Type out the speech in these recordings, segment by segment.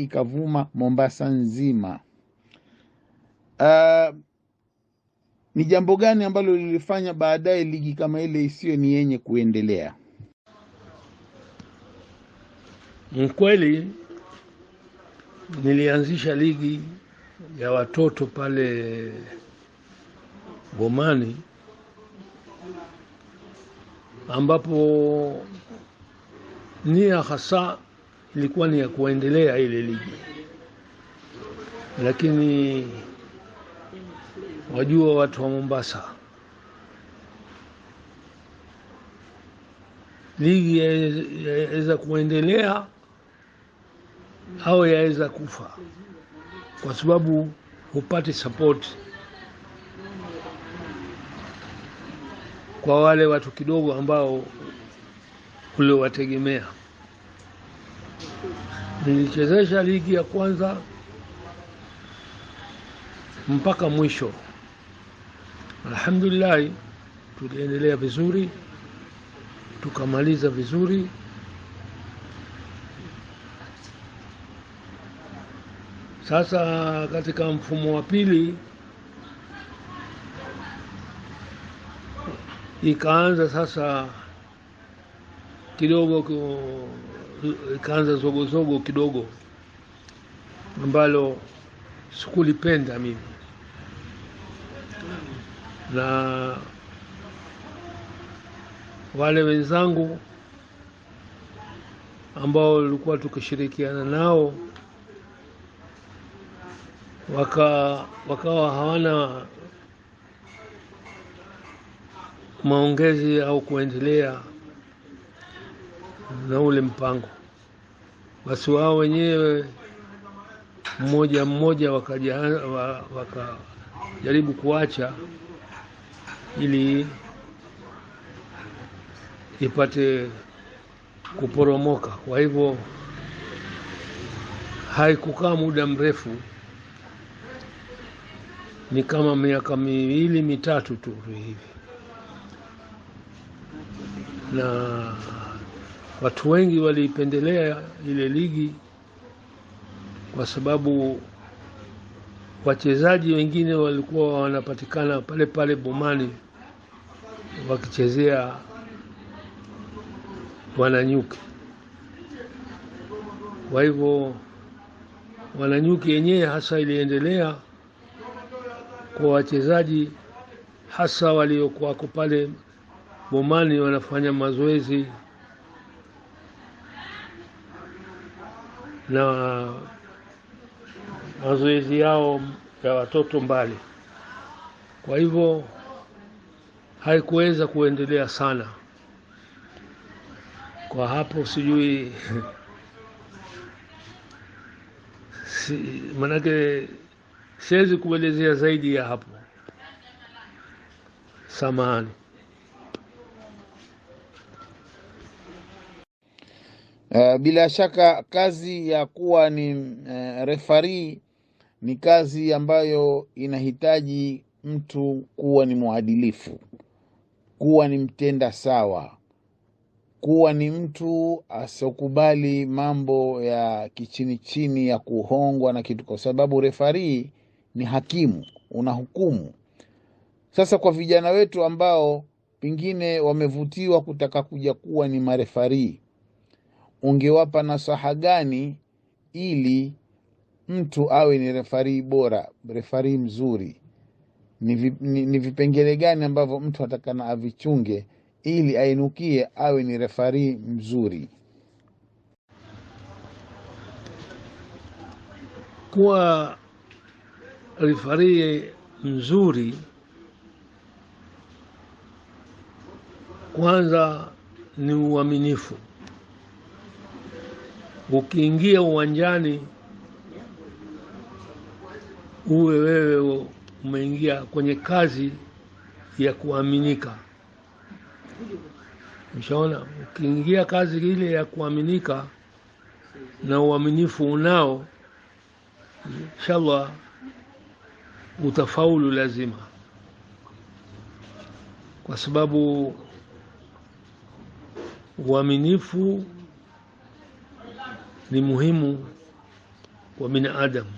ikavuma Mombasa nzima. Uh, ni jambo gani ambalo lilifanya baadaye ligi kama ile isiyo ni yenye kuendelea? Mkweli nilianzisha ligi ya watoto pale Bomani ambapo nia hasa ilikuwa ni ya kuendelea ile ligi, lakini wajua watu wa Mombasa, ligi yaweza kuendelea au yaweza kufa, kwa sababu hupati support kwa wale watu kidogo ambao uliowategemea. Nilichezesha ligi ya kwanza mpaka mwisho. Alhamdulillah, tuliendelea vizuri, tukamaliza vizuri. Sasa katika mfumo wa pili ikaanza sasa kidogo kaanza zogozogo kidogo ambalo sikulipenda mimi na wale wenzangu ambao walikuwa tukishirikiana nao waka, wakawa hawana maongezi au kuendelea na ule mpango. Basi wao wenyewe mmoja mmoja wakajaribu kuacha ili ipate kuporomoka. Kwa hivyo haikukaa muda mrefu, ni kama miaka miwili mitatu tu hivi na Watu wengi waliipendelea ile ligi kwa sababu wachezaji wengine walikuwa wanapatikana pale pale bomani wakichezea Wananyuki. Kwa hivyo Wananyuki yenyewe hasa iliendelea kwa wachezaji hasa waliokuwako pale bomani wanafanya mazoezi na mazoezi yao ya watoto mbali. Kwa hivyo haikuweza kuendelea sana. Kwa hapo sijui si, manake siwezi kuelezea zaidi ya hapo. Samahani. Uh, bila shaka kazi ya kuwa ni uh, eh, refari ni kazi ambayo inahitaji mtu kuwa ni mwadilifu, kuwa ni mtenda sawa, kuwa ni mtu asiokubali mambo ya kichini chini ya kuhongwa na kitu, kwa sababu refari ni hakimu, unahukumu. Sasa kwa vijana wetu ambao pengine wamevutiwa kutaka kuja kuwa ni marefarii ungewapa nasaha gani ili mtu awe ni refari bora, refari mzuri? Ni vipengele gani ambavyo mtu atakana avichunge ili ainukie awe ni refari mzuri? Kuwa refari mzuri, kwanza ni uaminifu ukiingia uwanjani uwe wewe umeingia kwenye kazi ya kuaminika. Ushaona, ukiingia kazi ile ya kuaminika na uaminifu unao, inshallah utafaulu lazima, kwa sababu uaminifu ni muhimu kwa binadamu.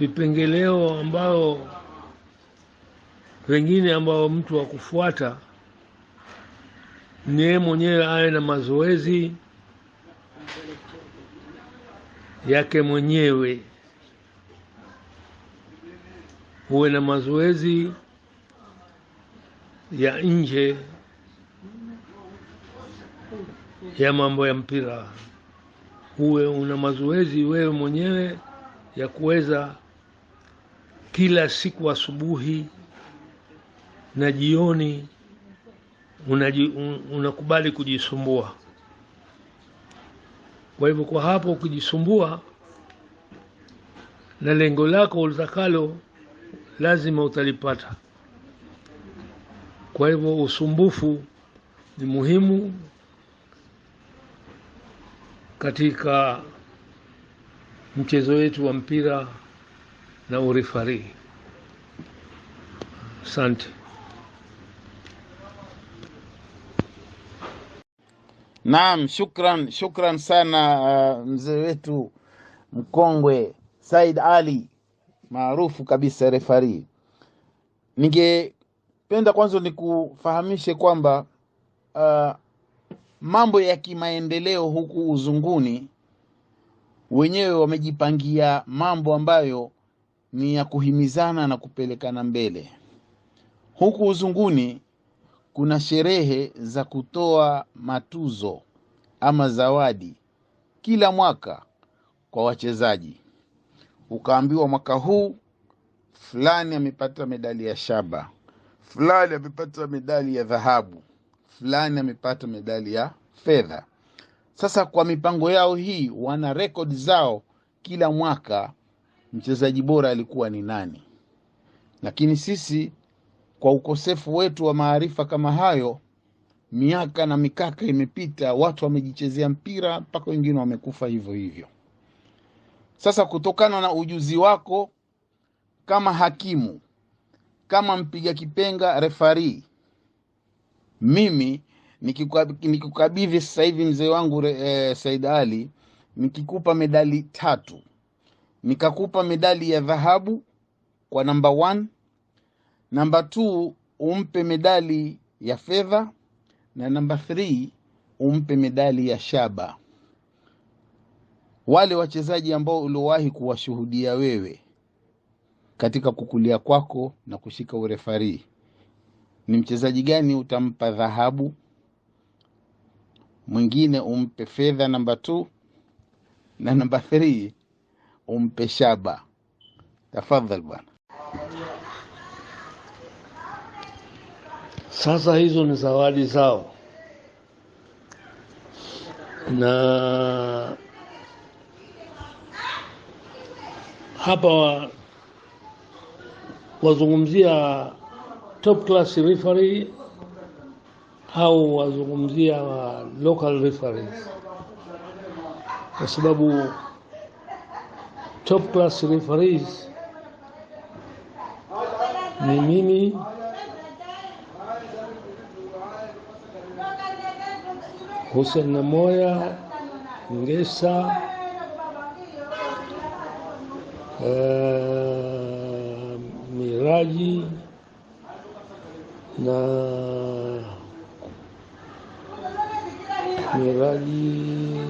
Vipengeleo ambao vengine ambao mtu wa kufuata ni yeye mwenyewe awe na mazoezi yake mwenyewe, huwe na mazoezi ya nje ya mambo ya mpira. Uwe una mazoezi wewe mwenyewe ya kuweza kila siku asubuhi na jioni unakubali kujisumbua. Kwa hivyo, kwa hapo ukijisumbua na lengo lako ulitakalo lazima utalipata. Kwa hivyo, usumbufu ni muhimu katika mchezo wetu wa mpira na urifari. Asante. Naam, shukran, shukran sana uh, mzee wetu mkongwe Said Ali maarufu kabisa refari. Ningependa kwanza nikufahamishe kwamba uh, mambo ya kimaendeleo huku uzunguni wenyewe wamejipangia mambo ambayo ni ya kuhimizana na kupelekana mbele. Huku uzunguni kuna sherehe za kutoa matuzo ama zawadi kila mwaka kwa wachezaji. Ukaambiwa mwaka huu fulani amepata medali ya shaba, fulani amepata medali ya dhahabu fulani amepata medali ya fedha. Sasa kwa mipango yao hii, wana rekodi zao kila mwaka, mchezaji bora alikuwa ni nani. Lakini sisi kwa ukosefu wetu wa maarifa kama hayo, miaka na mikaka imepita, watu wamejichezea mpira mpaka wengine wamekufa hivyo hivyo. Sasa kutokana na ujuzi wako kama hakimu, kama mpiga kipenga, refari mimi nikikukabidhi sasa hivi mzee wangu e, Said Ali, nikikupa medali tatu, nikakupa medali ya dhahabu kwa namba 1, namba t umpe medali ya fedha, na namba th umpe medali ya shaba. Wale wachezaji ambao uliowahi kuwashuhudia wewe katika kukulia kwako na kushika urefarii ni mchezaji gani utampa dhahabu, mwingine umpe fedha namba 2 na namba 3 umpe shaba. Tafadhali bwana. Sasa hizo ni zawadi zao, na hapa wazungumzia top class referee au wazungumzia wa local referees, kwa sababu top class referees ni mimi Hussein Namoya Ngesa, uh, Miraji na miraji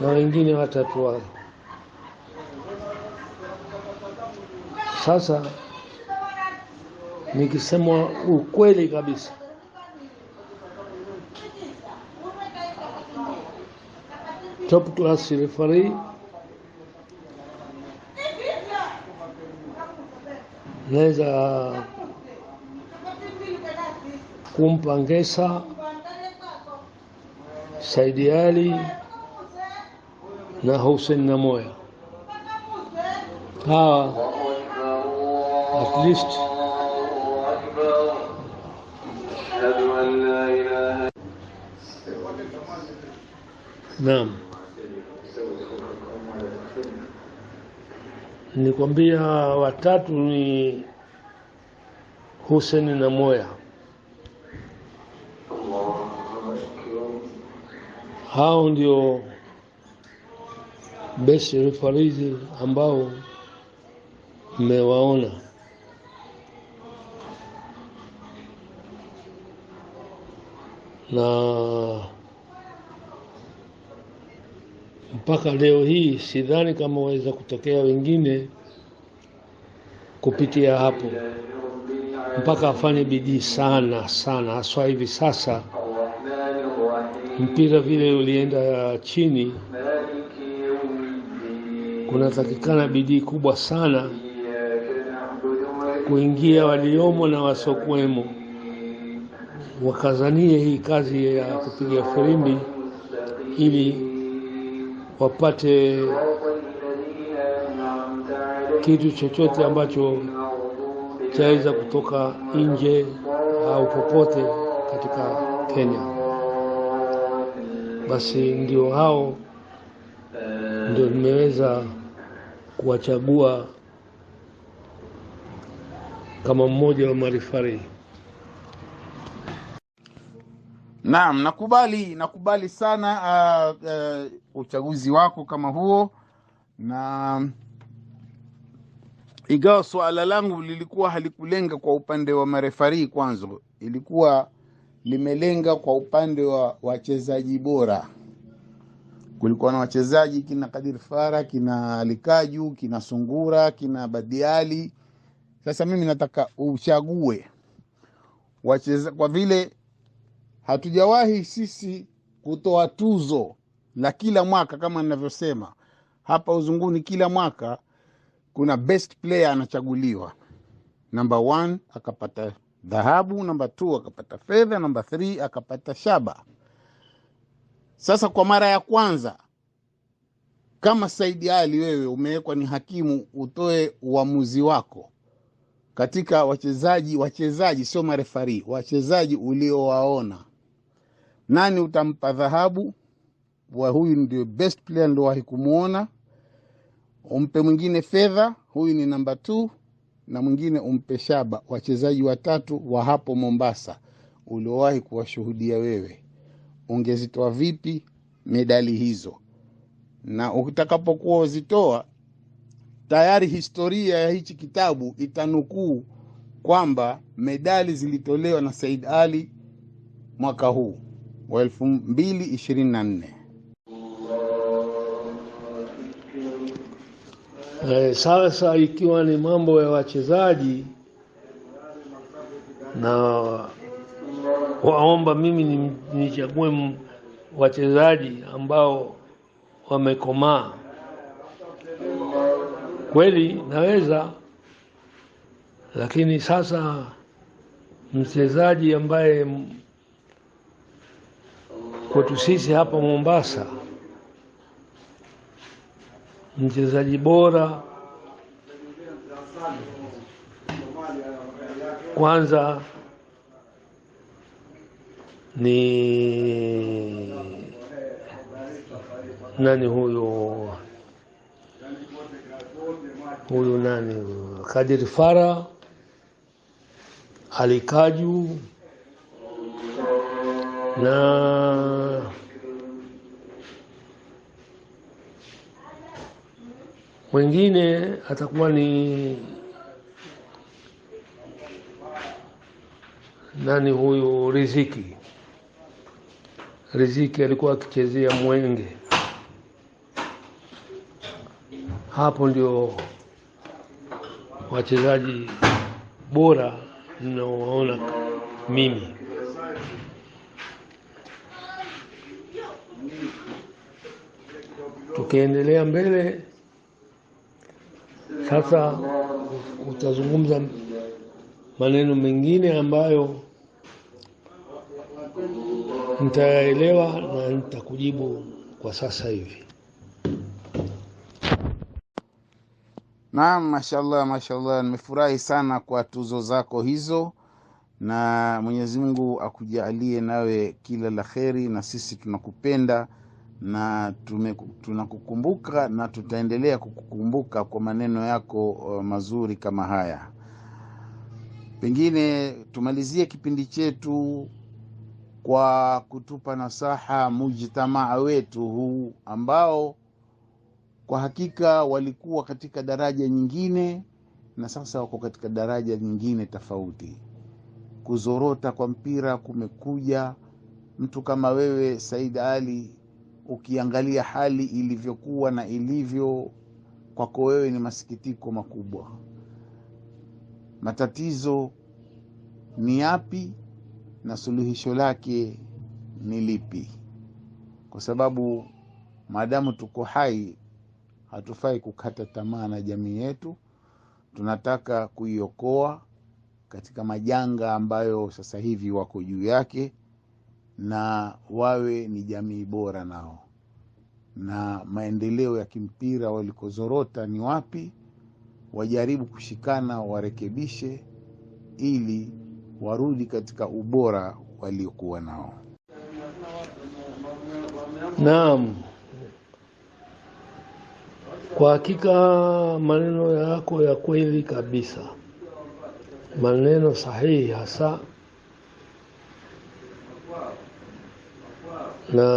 na wengine watatu wao. Sasa nikisema ukweli kabisa, top class referee naweza kumpa Ngesa Saidi Ali na Hussein Namoya. Hawa at least Naam. Nikwambia watatu ni Hussein moya Hao ndio best referees ambao mmewaona. na mpaka leo hii sidhani kama waweza kutokea wengine kupitia hapo, mpaka afanye bidii sana sana, haswa hivi sasa mpira vile ulienda chini, kunatakikana bidii kubwa sana kuingia waliomo na wasokwemo wakazanie hii kazi ya kupiga firimbi ili wapate kitu chochote ambacho chaweza kutoka nje au popote katika Kenya basi ndio hao ndio nimeweza kuwachagua kama mmoja wa marifari. Naam, nakubali nakubali sana uh, uh, uchaguzi wako kama huo, na ingawa suala langu lilikuwa halikulenga kwa upande wa marefari, kwanza ilikuwa limelenga kwa upande wa wachezaji bora. Kulikuwa na wachezaji kina Kadir Fara, kina likaju kina Sungura, kina Badiali. Sasa mimi nataka uchague wacheza, kwa vile hatujawahi sisi kutoa tuzo la kila mwaka kama ninavyosema hapa uzunguni, kila mwaka kuna best player anachaguliwa, number one akapata dhahabu, namba 2 akapata fedha, namba 3 akapata shaba. Sasa kwa mara ya kwanza kama Saidi Ali wewe umewekwa ni hakimu, utoe uamuzi wako katika wachezaji, wachezaji sio marefari, wachezaji uliowaona, nani utampa dhahabu? wa huyu ndio best player niliowahi kumwona. Umpe mwingine fedha, huyu ni namba 2 na mwingine umpe Shaba, wachezaji watatu wa hapo Mombasa uliowahi kuwashuhudia wewe, ungezitoa vipi medali hizo? Na utakapokuwa uzitoa, tayari historia ya hichi kitabu itanukuu kwamba medali zilitolewa na Said Ali mwaka huu wa 2024. E, sasa ikiwa ni mambo ya wachezaji na waomba mimi nichague wachezaji ambao wamekomaa kweli, naweza lakini sasa mchezaji ambaye kwetu sisi hapa Mombasa mchezaji bora kwanza ni nani huyo huyu nani Kadir Fara Alikaju na wengine atakuwa ni nani huyu Riziki. Riziki alikuwa akichezea mwenge. Hapo ndio wachezaji bora ninaowaona mimi. Tukiendelea mbele sasa utazungumza maneno mengine ambayo nitayaelewa na nitakujibu kwa sasa hivi. Naam, mashallah, mashallah, nimefurahi sana kwa tuzo zako hizo, na Mwenyezi Mungu akujalie nawe kila la kheri, na sisi tunakupenda na tunakukumbuka na tutaendelea kukukumbuka kwa maneno yako uh, mazuri kama haya. Pengine tumalizie kipindi chetu kwa kutupa nasaha mujtamaa wetu huu ambao kwa hakika walikuwa katika daraja nyingine na sasa wako katika daraja nyingine tofauti. Kuzorota kwa mpira kumekuja. Mtu kama wewe Said Ali ukiangalia hali ilivyokuwa na ilivyo kwako wewe ni masikitiko makubwa. Matatizo ni yapi na suluhisho lake ni lipi? Kwa sababu maadamu tuko hai, hatufai kukata tamaa na jamii yetu. Tunataka kuiokoa katika majanga ambayo sasa hivi wako juu yake na wawe ni jamii bora nao, na maendeleo ya kimpira walikozorota ni wapi, wajaribu kushikana, warekebishe ili warudi katika ubora waliokuwa nao. Naam, kwa hakika maneno yako ya kweli kabisa, maneno sahihi hasa na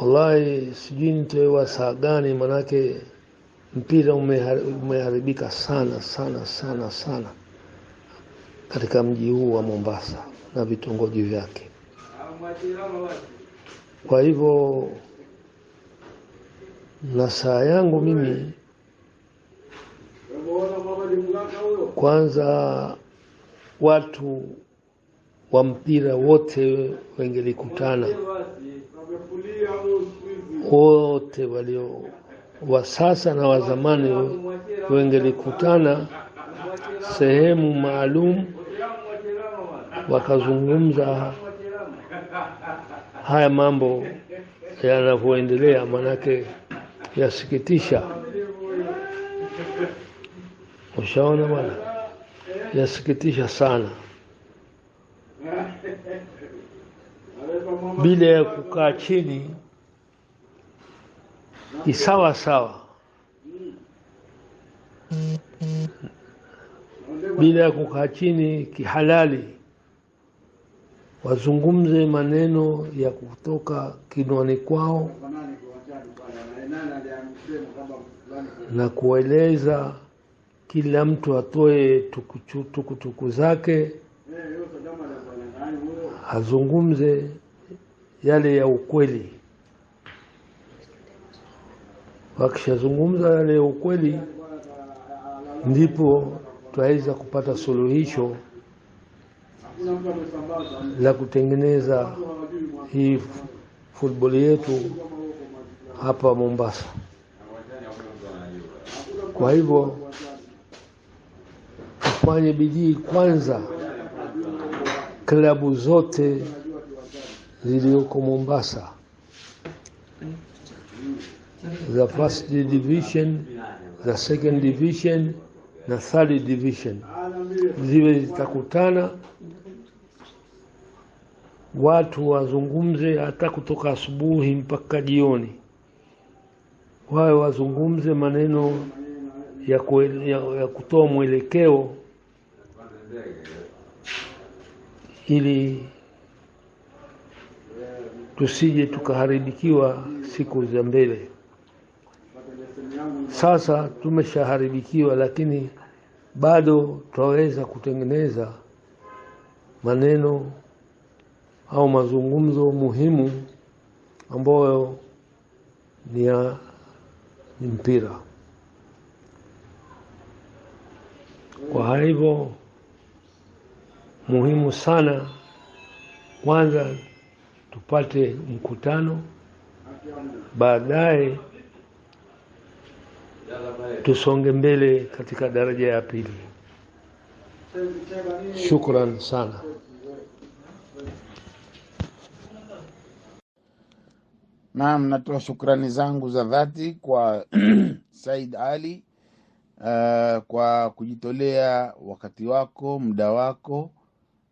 wallahi sijui nitoewa saa gani, manake mpira umeharibika sana sana sana sana katika mji huu wa Mombasa na vitongoji vyake. Kwa hivyo na saa yangu mimi kwanza watu wa mpira wote wengelikutana wote walio wa sasa na wa zamani wengelikutana sehemu maalum, wakazungumza haya mambo yanavyoendelea, manake yasikitisha. Ushaona bwana, yasikitisha sana bila ya kukaa chini kisawa sawa, bila ya kukaa chini kihalali, wazungumze maneno ya kutoka kinwani kwao na kueleza kila mtu atoe tukutuku tuku zake azungumze yale ya ukweli. Wakishazungumza yale ya ukweli, ndipo twaweza kupata suluhisho la kutengeneza hii futboli yetu hapa Mombasa. Kwa hivyo tufanye bidii kwanza klabu zote zilizoko Mombasa za first division za second division na third division ziwe zitakutana, watu wazungumze, hata kutoka asubuhi mpaka jioni, wawe wazungumze maneno ya, ya, ya kutoa mwelekeo ili tusije tukaharibikiwa siku za mbele. Sasa tumeshaharibikiwa, lakini bado twaweza kutengeneza maneno au mazungumzo muhimu ambayo ni ya mpira. Kwa hivyo muhimu sana. Kwanza tupate mkutano, baadaye tusonge mbele katika daraja ya pili. Shukran sana. Naam, natoa shukrani zangu za dhati kwa Said Ali uh, kwa kujitolea wakati wako, muda wako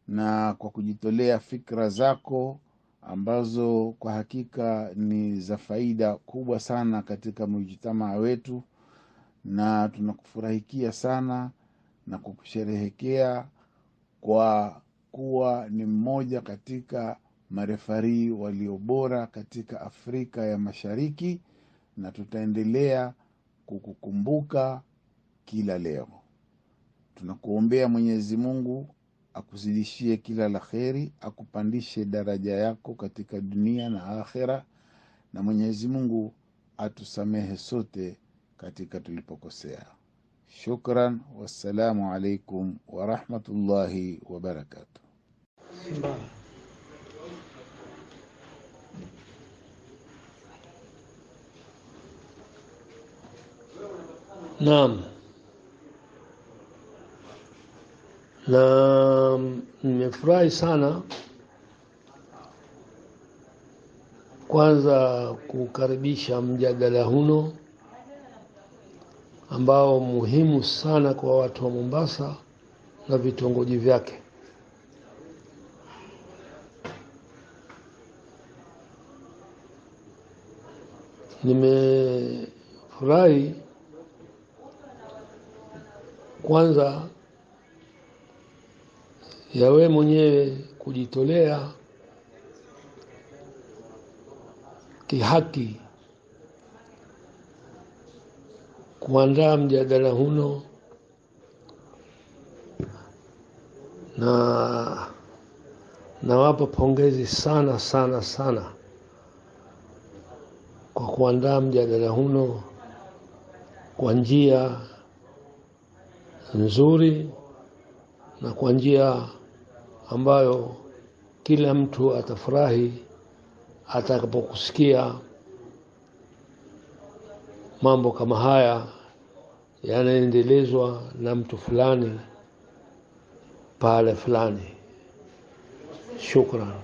na kwa kujitolea fikra zako ambazo kwa hakika ni za faida kubwa sana katika mujitamaa wetu, na tunakufurahikia sana na kukusherehekea kwa kuwa ni mmoja katika marefarii waliobora katika Afrika ya Mashariki, na tutaendelea kukukumbuka kila leo. Tunakuombea Mwenyezi Mungu akuzidishie kila la kheri, akupandishe daraja yako katika dunia na akhera, na Mwenyezi Mungu atusamehe sote katika tulipokosea. Shukran, wassalamu alaikum warahmatullahi wabarakatuh. Naam. na nimefurahi sana kwanza kukaribisha mjadala huno ambao muhimu sana kwa watu wa Mombasa na vitongoji vyake. Nimefurahi kwanza ya we mwenyewe kujitolea kihaki kuandaa mjadala huno na nawapa pongezi sana sana sana kwa kuandaa mjadala huno kwa njia nzuri na kwa njia ambayo kila mtu atafurahi atakapokusikia mambo kama haya yanaendelezwa na mtu fulani pale fulani. Shukran.